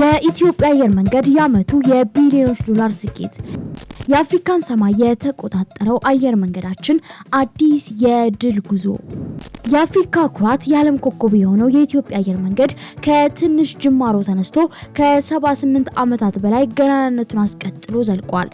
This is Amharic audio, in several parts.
የኢትዮጵያ አየር መንገድ የዓመቱ የቢሊዮኖች ዶላር ስኬት። የአፍሪካን ሰማይ የተቆጣጠረው አየር መንገዳችን አዲስ የድል ጉዞ። የአፍሪካ ኩራት የዓለም ኮከብ የሆነው የኢትዮጵያ አየር መንገድ ከትንሽ ጅማሮ ተነስቶ ከ78 ዓመታት በላይ ገናናነቱን አስቀጥሎ ዘልቋል።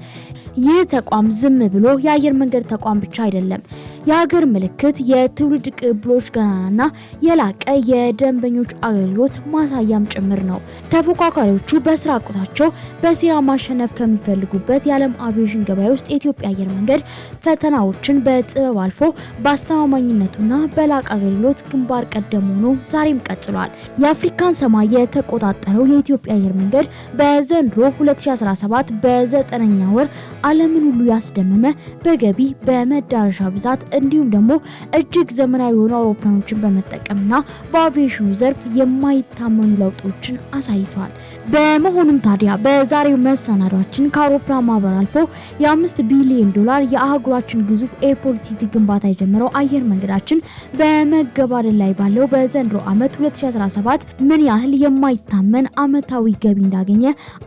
ይህ ተቋም ዝም ብሎ የአየር መንገድ ተቋም ብቻ አይደለም። የሀገር ምልክት፣ የትውልድ ቅብሎች ገናናና የላቀ የደንበኞች አገልግሎት ማሳያም ጭምር ነው። ተፎካካሪዎቹ በስራ ቁታቸው በሴራ ማሸነፍ ከሚፈልጉበት የዓለም አቪዬሽን ገበያ ውስጥ የኢትዮጵያ አየር መንገድ ፈተናዎችን በጥበብ አልፎ በአስተማማኝነቱና በላቀ አገልግሎት ግንባር ቀደም ሆኖ ዛሬም ቀጥሏል። የአፍሪካን ሰማይ የተቆጣጠረው የኢትዮጵያ አየር መንገድ በዘንድሮ 2017 በዘጠነኛ ወር ዓለምን ሁሉ ያስደመመ በገቢ በመዳረሻ ብዛት እንዲሁም ደግሞ እጅግ ዘመናዊ የሆኑ አውሮፕላኖችን በመጠቀምና በአቪዬሽኑ ዘርፍ የማይታመኑ ለውጦችን አሳይቷል። በመሆኑም ታዲያ በዛሬው መሰናዷችን ከአውሮፕላን ማህበር አልፎ የአምስት ቢሊዮን ዶላር የአህጉራችን ግዙፍ ኤርፖርት ሲቲ ግንባታ የጀመረው አየር መንገዳችን በመገባደል ላይ ባለው በዘንድሮ ዓመት 2017 ምን ያህል የማይታመን ዓመታዊ ገቢ እንዳገኘ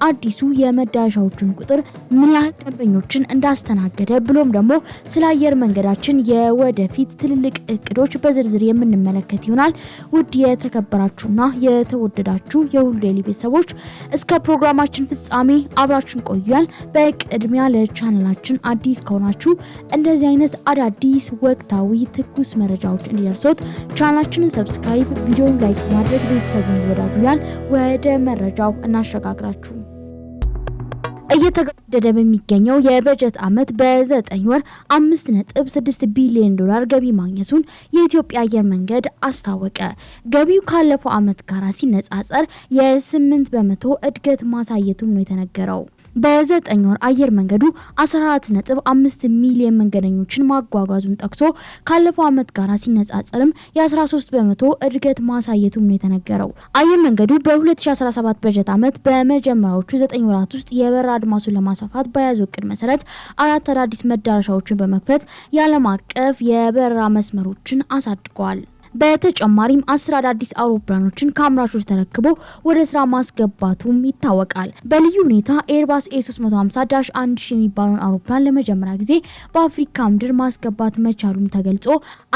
አዲሱ የመዳረሻዎችን ቁጥር ምን ያህል ደንበኞችን እንዳስተናገደ ብሎም ደግሞ ስለ አየር መንገዳችን የወደፊት ትልልቅ እቅዶች በዝርዝር የምንመለከት ይሆናል። ውድ የተከበራችሁና የተወደዳችሁ የሁሉ ዴይሊ ቤተሰቦች እስከ ፕሮግራማችን ፍጻሜ አብራችን ቆያል። በቅድሚያ ለቻናላችን አዲስ ከሆናችሁ እንደዚህ አይነት አዳዲስ ወቅታዊ ትኩስ መረጃዎች እንዲደርሶት ቻናላችንን ሰብስክራይብ፣ ቪዲዮን ላይክ ማድረግ ቤተሰቡን ይወዳጁ። ወደ መረጃው እናሸጋግራችሁ። እየተገደደ በሚገኘው የበጀት አመት በዘጠኝ ወር አምስት ነጥብ ስድስት ቢሊዮን ዶላር ገቢ ማግኘቱን የኢትዮጵያ አየር መንገድ አስታወቀ። ገቢው ካለፈው አመት ጋር ሲነጻጸር የስምንት በመቶ እድገት ማሳየቱም ነው የተነገረው። በዘጠኝ ወር አየር መንገዱ 14.5 ሚሊዮን መንገደኞችን ማጓጓዙን ጠቅሶ ካለፈው ዓመት ጋር ሲነጻጸርም የ13 በመቶ እድገት ማሳየቱም ነው የተነገረው። አየር መንገዱ በ2017 በጀት ዓመት በመጀመሪያዎቹ ዘጠኝ ወራት ውስጥ የበረራ አድማሱን ለማስፋፋት በያዘው እቅድ መሰረት አራት አዳዲስ መዳረሻዎችን በመክፈት የዓለም አቀፍ የበረራ መስመሮችን አሳድጓል። በተጨማሪም አስር አዳዲስ አውሮፕላኖችን ከአምራቾች ተረክቦ ወደ ስራ ማስገባቱም ይታወቃል። በልዩ ሁኔታ ኤርባስ ኤ350 ዳሽ 1000 የሚባለውን አውሮፕላን ለመጀመሪያ ጊዜ በአፍሪካ ምድር ማስገባት መቻሉም ተገልጾ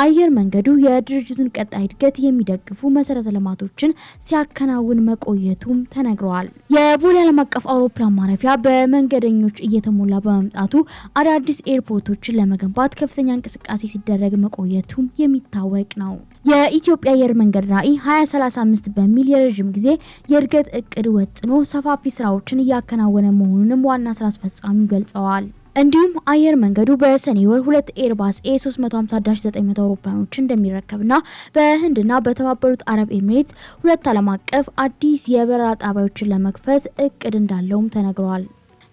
አየር መንገዱ የድርጅቱን ቀጣይ እድገት የሚደግፉ መሰረተ ልማቶችን ሲያከናውን መቆየቱም ተነግረዋል። የቦሌ ዓለም አቀፍ አውሮፕላን ማረፊያ በመንገደኞች እየተሞላ በመምጣቱ አዳዲስ ኤርፖርቶችን ለመገንባት ከፍተኛ እንቅስቃሴ ሲደረግ መቆየቱም የሚታወቅ ነው። የኢትዮጵያ አየር መንገድ ራዕይ 2035 በሚል የረዥም ጊዜ የእድገት እቅድ ወጥኖ ሰፋፊ ስራዎችን እያከናወነ መሆኑንም ዋና ስራ አስፈጻሚው ገልጸዋል። እንዲሁም አየር መንገዱ በሰኔ ወር ሁለት ኤርባስ ኤ350-900 አውሮፕላኖችን እንደሚረከብና በህንድና በተባበሩት አረብ ኤሚሬትስ ሁለት ዓለም አቀፍ አዲስ የበረራ ጣቢያዎችን ለመክፈት እቅድ እንዳለውም ተነግሯል።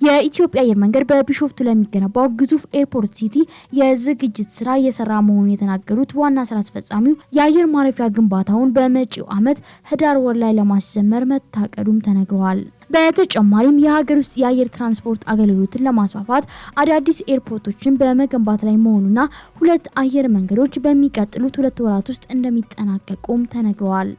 የኢትዮጵያ አየር መንገድ በቢሾፍቱ ለሚገነባው ግዙፍ ኤርፖርት ሲቲ የዝግጅት ስራ እየሰራ መሆኑን የተናገሩት ዋና ስራ አስፈጻሚው የአየር ማረፊያ ግንባታውን በመጪው ዓመት ህዳር ወር ላይ ለማስጀመር መታቀዱም ተነግረዋል። በተጨማሪም የሀገር ውስጥ የአየር ትራንስፖርት አገልግሎትን ለማስፋፋት አዳዲስ ኤርፖርቶችን በመገንባት ላይ መሆኑና ሁለት አየር መንገዶች በሚቀጥሉት ሁለት ወራት ውስጥ እንደሚጠናቀቁም ተነግረዋል።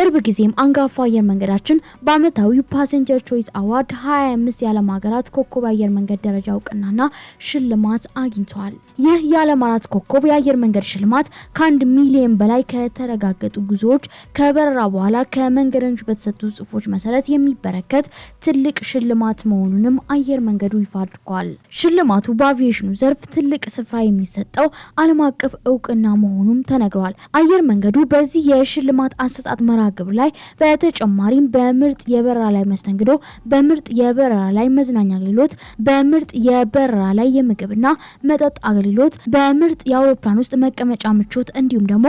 በቅርብ ጊዜም አንጋፋ አየር መንገዳችን በአመታዊ ፓሴንጀር ቾይስ አዋርድ 25 የዓለም ሀገራት ኮከብ የአየር መንገድ ደረጃ እውቅናና ሽልማት አግኝተዋል። ይህ የዓለም አራት ኮከብ የአየር መንገድ ሽልማት ከአንድ ሚሊዮን በላይ ከተረጋገጡ ጉዞዎች ከበረራ በኋላ ከመንገደኞች በተሰጡ ጽሁፎች መሰረት የሚበረከት ትልቅ ሽልማት መሆኑንም አየር መንገዱ ይፋ አድርጓል። ሽልማቱ በአቪዬሽኑ ዘርፍ ትልቅ ስፍራ የሚሰጠው ዓለም አቀፍ እውቅና መሆኑም ተነግሯል። አየር መንገዱ በዚህ የሽልማት አሰጣጥ መራ ግብር ላይ በተጨማሪም በምርጥ የበረራ ላይ መስተንግዶ፣ በምርጥ የበረራ ላይ መዝናኛ አገልግሎት፣ በምርጥ የበረራ ላይ የምግብና መጠጥ አገልግሎት፣ በምርጥ የአውሮፕላን ውስጥ መቀመጫ ምቾት እንዲሁም ደግሞ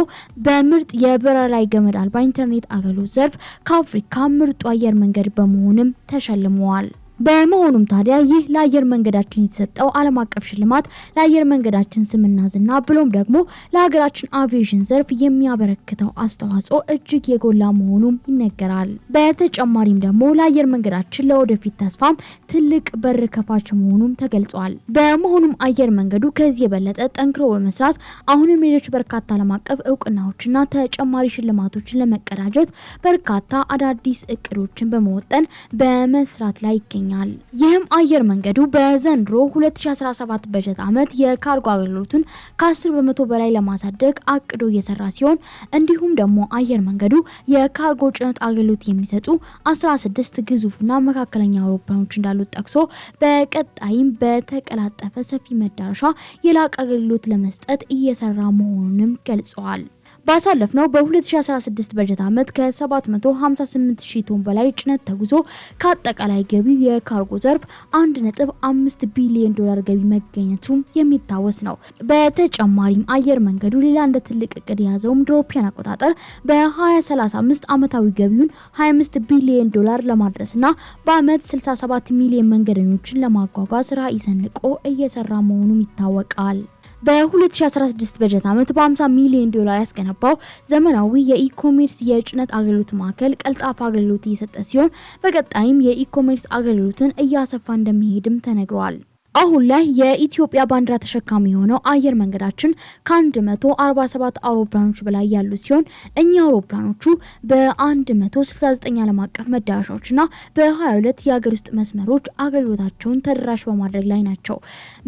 በምርጥ የበረራ ላይ ገመድ አልባ ኢንተርኔት አገልግሎት ዘርፍ ከአፍሪካ ምርጡ አየር መንገድ በመሆንም ተሸልመዋል። በመሆኑም ታዲያ ይህ ለአየር መንገዳችን የተሰጠው ዓለም አቀፍ ሽልማት ለአየር መንገዳችን ስምና ዝና ብሎም ደግሞ ለሀገራችን አቪዬሽን ዘርፍ የሚያበረክተው አስተዋጽኦ እጅግ የጎላ መሆኑም ይነገራል። በተጨማሪም ደግሞ ለአየር መንገዳችን ለወደፊት ተስፋም ትልቅ በር ከፋች መሆኑም ተገልጿል። በመሆኑም አየር መንገዱ ከዚህ የበለጠ ጠንክሮ በመስራት አሁንም ሌሎች በርካታ ዓለም አቀፍ እውቅናዎችና ተጨማሪ ሽልማቶችን ለመቀዳጀት በርካታ አዳዲስ እቅዶችን በመወጠን በመስራት ላይ ይገኛል። ይገኛል። ይህም አየር መንገዱ በዘንድሮ 2017 በጀት ዓመት የካርጎ አገልግሎቱን ከ10 በመቶ በላይ ለማሳደግ አቅዶ እየሰራ ሲሆን እንዲሁም ደግሞ አየር መንገዱ የካርጎ ጭነት አገልግሎት የሚሰጡ 16 ግዙፍና መካከለኛ አውሮፕላኖች እንዳሉት ጠቅሶ በቀጣይም በተቀላጠፈ ሰፊ መዳረሻ የላቅ አገልግሎት ለመስጠት እየሰራ መሆኑንም ገልጸዋል። ባሳለፍነው በ2016 በጀት ዓመት ከ758 ሺህ ቶን በላይ ጭነት ተጉዞ ከአጠቃላይ ገቢው የካርጎ ዘርፍ 1.5 ቢሊዮን ዶላር ገቢ መገኘቱም የሚታወስ ነው። በተጨማሪም አየር መንገዱ ሌላ እንደ ትልቅ እቅድ የያዘውም ድሮፒያን አቆጣጠር በ2035 ዓመታዊ ገቢውን 25 ቢሊዮን ዶላር ለማድረስና በአመት 67 ሚሊዮን መንገደኞችን ለማጓጓዝ ራዕይ ሰንቆ እየሰራ መሆኑም ይታወቃል። በ2016 በጀት ዓመት በ50 ሚሊዮን ዶላር ያስገነባው ዘመናዊ የኢኮሜርስ የጭነት አገልግሎት ማዕከል ቀልጣፋ አገልግሎት እየሰጠ ሲሆን በቀጣይም የኢኮሜርስ አገልግሎትን እያሰፋ እንደሚሄድም ተነግሯል። አሁን ላይ የኢትዮጵያ ባንዲራ ተሸካሚ የሆነው አየር መንገዳችን ከ147 አውሮፕላኖች በላይ ያሉት ሲሆን እኚህ አውሮፕላኖቹ በ169 ዓለም አቀፍ መዳረሻዎችና በ22 የሀገር ውስጥ መስመሮች አገልግሎታቸውን ተደራሽ በማድረግ ላይ ናቸው።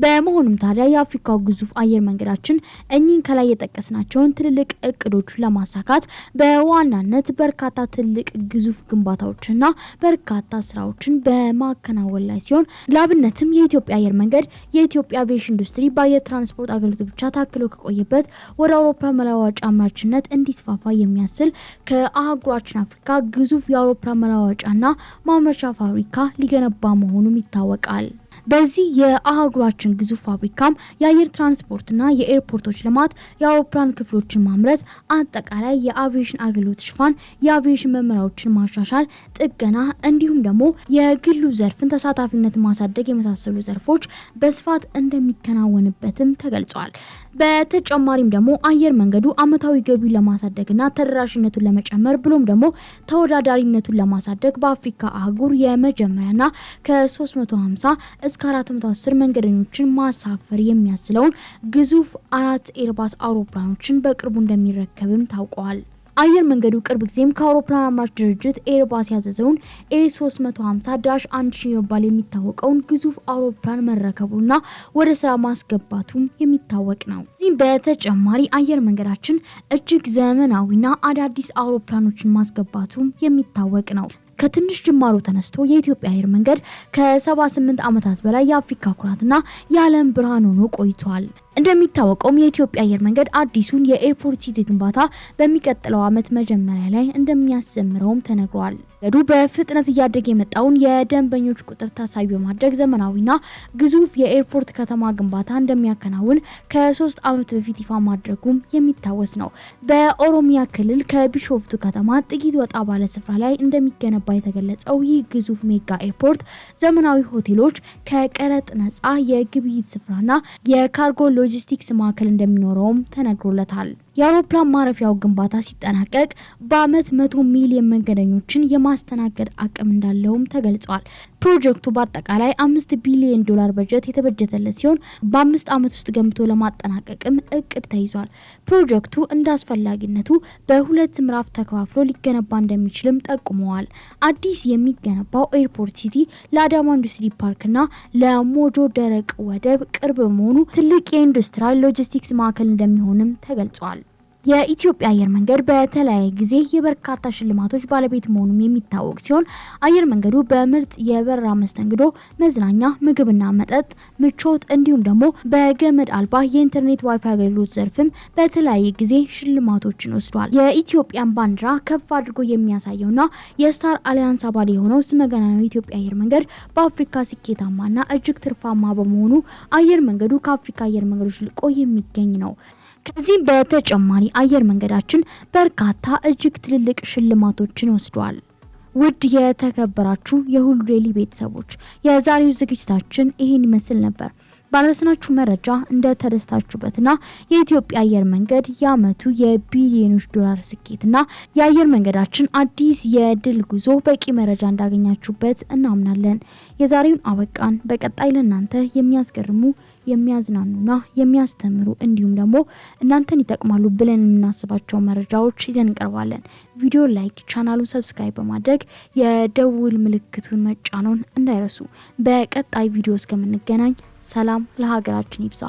በመሆኑም ታዲያ የአፍሪካ ግዙፍ አየር መንገዳችን እኚህን ከላይ የጠቀስናቸውን ትልልቅ እቅዶቹን ለማሳካት በዋናነት በርካታ ትልቅ ግዙፍ ግንባታዎችና በርካታ ስራዎችን በማከናወን ላይ ሲሆን ለአብነትም የኢትዮጵያ አየር አየር መንገድ የኢትዮጵያ አቪዬሽን ኢንዱስትሪ በአየር ትራንስፖርት አገልግሎት ብቻ ታክሎ ከቆየበት ወደ አውሮፓ መለዋወጫ አምራችነት እንዲስፋፋ የሚያስችል ከአህጉራችን አፍሪካ ግዙፍ የአውሮፓ መለዋወጫና ማምረቻ ፋብሪካ ሊገነባ መሆኑም ይታወቃል። በዚህ የአህጉራችን ግዙፍ ፋብሪካም የአየር ትራንስፖርትና የኤርፖርቶች ልማት የአውሮፕላን ክፍሎችን ማምረት፣ አጠቃላይ የአቪዬሽን አገልግሎት ሽፋን፣ የአቪዬሽን መመሪያዎችን ማሻሻል፣ ጥገና እንዲሁም ደግሞ የግሉ ዘርፍን ተሳታፊነት ማሳደግ የመሳሰሉ ዘርፎች በስፋት እንደሚከናወንበትም ተገልጿል። በተጨማሪም ደግሞ አየር መንገዱ አመታዊ ገቢውን ለማሳደግና ተደራሽነቱን ለመጨመር ብሎም ደግሞ ተወዳዳሪነቱን ለማሳደግ በአፍሪካ አህጉር የመጀመሪያና ከ350 እስከ 410 መንገደኞችን ማሳፈር የሚያስችለውን ግዙፍ አራት ኤርባስ አውሮፕላኖችን በቅርቡ እንደሚረከብም ታውቋል። አየር መንገዱ ቅርብ ጊዜም ከአውሮፕላን አምራች ድርጅት ኤርባስ ያዘዘውን ኤ350 ዳሽ አንድ ሺ በመባል የሚታወቀውን ግዙፍ አውሮፕላን መረከቡና ወደ ስራ ማስገባቱም የሚታወቅ ነው። እዚህም በተጨማሪ አየር መንገዳችን እጅግ ዘመናዊና አዳዲስ አውሮፕላኖችን ማስገባቱም የሚታወቅ ነው። ከትንሽ ጅማሮ ተነስቶ የኢትዮጵያ አየር መንገድ ከ78 ዓመታት በላይ የአፍሪካ ኩራትና የዓለም ብርሃን ሆኖ ቆይቷል። እንደሚታወቀውም የኢትዮጵያ አየር መንገድ አዲሱን የኤርፖርት ሲቲ ግንባታ በሚቀጥለው ዓመት መጀመሪያ ላይ እንደሚያስጀምረውም ተነግሯል። መንገዱ በፍጥነት እያደገ የመጣውን የደንበኞች ቁጥር ታሳቢ በማድረግ ዘመናዊና ግዙፍ የኤርፖርት ከተማ ግንባታ እንደሚያከናውን ከሶስት ዓመት በፊት ይፋ ማድረጉም የሚታወስ ነው። በኦሮሚያ ክልል ከቢሾፍቱ ከተማ ጥቂት ወጣ ባለ ስፍራ ላይ እንደሚገነባ የተገለጸው ይህ ግዙፍ ሜጋ ኤርፖርት ዘመናዊ ሆቴሎች፣ ከቀረጥ ነጻ የግብይት ስፍራና የካርጎ የሎጂስቲክስ ማዕከል እንደሚኖረውም ተነግሮለታል። የአውሮፕላን ማረፊያው ግንባታ ሲጠናቀቅ በአመት መቶ ሚሊዮን መንገደኞችን የማስተናገድ አቅም እንዳለውም ተገልጿል። ፕሮጀክቱ በአጠቃላይ አምስት ቢሊዮን ዶላር በጀት የተበጀተለት ሲሆን በአምስት አመት ውስጥ ገንብቶ ለማጠናቀቅም እቅድ ተይዟል። ፕሮጀክቱ እንደ አስፈላጊነቱ በሁለት ምዕራፍ ተከፋፍሎ ሊገነባ እንደሚችልም ጠቁመዋል። አዲስ የሚገነባው ኤርፖርት ሲቲ ለአዳማ ኢንዱስትሪ ፓርክና ለሞጆ ደረቅ ወደብ ቅርብ በመሆኑ ትልቅ የኢንዱስትሪያል ሎጂስቲክስ ማዕከል እንደሚሆንም ተገልጿል። የኢትዮጵያ አየር መንገድ በተለያየ ጊዜ የበርካታ ሽልማቶች ባለቤት መሆኑም የሚታወቅ ሲሆን አየር መንገዱ በምርጥ የበረራ መስተንግዶ፣ መዝናኛ፣ ምግብና መጠጥ፣ ምቾት እንዲሁም ደግሞ በገመድ አልባ የኢንተርኔት ዋይፋይ አገልግሎት ዘርፍም በተለያየ ጊዜ ሽልማቶችን ወስዷል። የኢትዮጵያን ባንዲራ ከፍ አድርጎ የሚያሳየውና የስታር አሊያንስ አባል የሆነው ስመገናኛው የኢትዮጵያ አየር መንገድ በአፍሪካ ስኬታማና እጅግ ትርፋማ በመሆኑ አየር መንገዱ ከአፍሪካ አየር መንገዶች ልቆ የሚገኝ ነው። ከዚህም በተጨማሪ አየር መንገዳችን በርካታ እጅግ ትልልቅ ሽልማቶችን ወስዷል። ውድ የተከበራችሁ የሁሉ ዴይሊ ቤተሰቦች የዛሬው ዝግጅታችን ይህን ይመስል ነበር። ባለስናችሁ መረጃ ተደስታችሁበትና የኢትዮጵያ አየር መንገድ የአመቱ የቢሊዮኖች ዶላር ስኬትና የአየር መንገዳችን አዲስ የድል ጉዞ በቂ መረጃ እንዳገኛችሁበት እናምናለን። የዛሬውን አበቃን። በቀጣይ ለእናንተ የሚያስገርሙ የሚያዝናኑና የሚያስተምሩ እንዲሁም ደግሞ እናንተን ይጠቅማሉ ብለን የምናስባቸው መረጃዎች ይዘን እንቀርባለን። ቪዲዮ ላይክ፣ ቻናሉን ሰብስክራይብ በማድረግ የደውል ምልክቱን መጫኖን እንዳይረሱ። በቀጣይ ቪዲዮ እስከምንገናኝ ሰላም ለሀገራችን ይብዛ።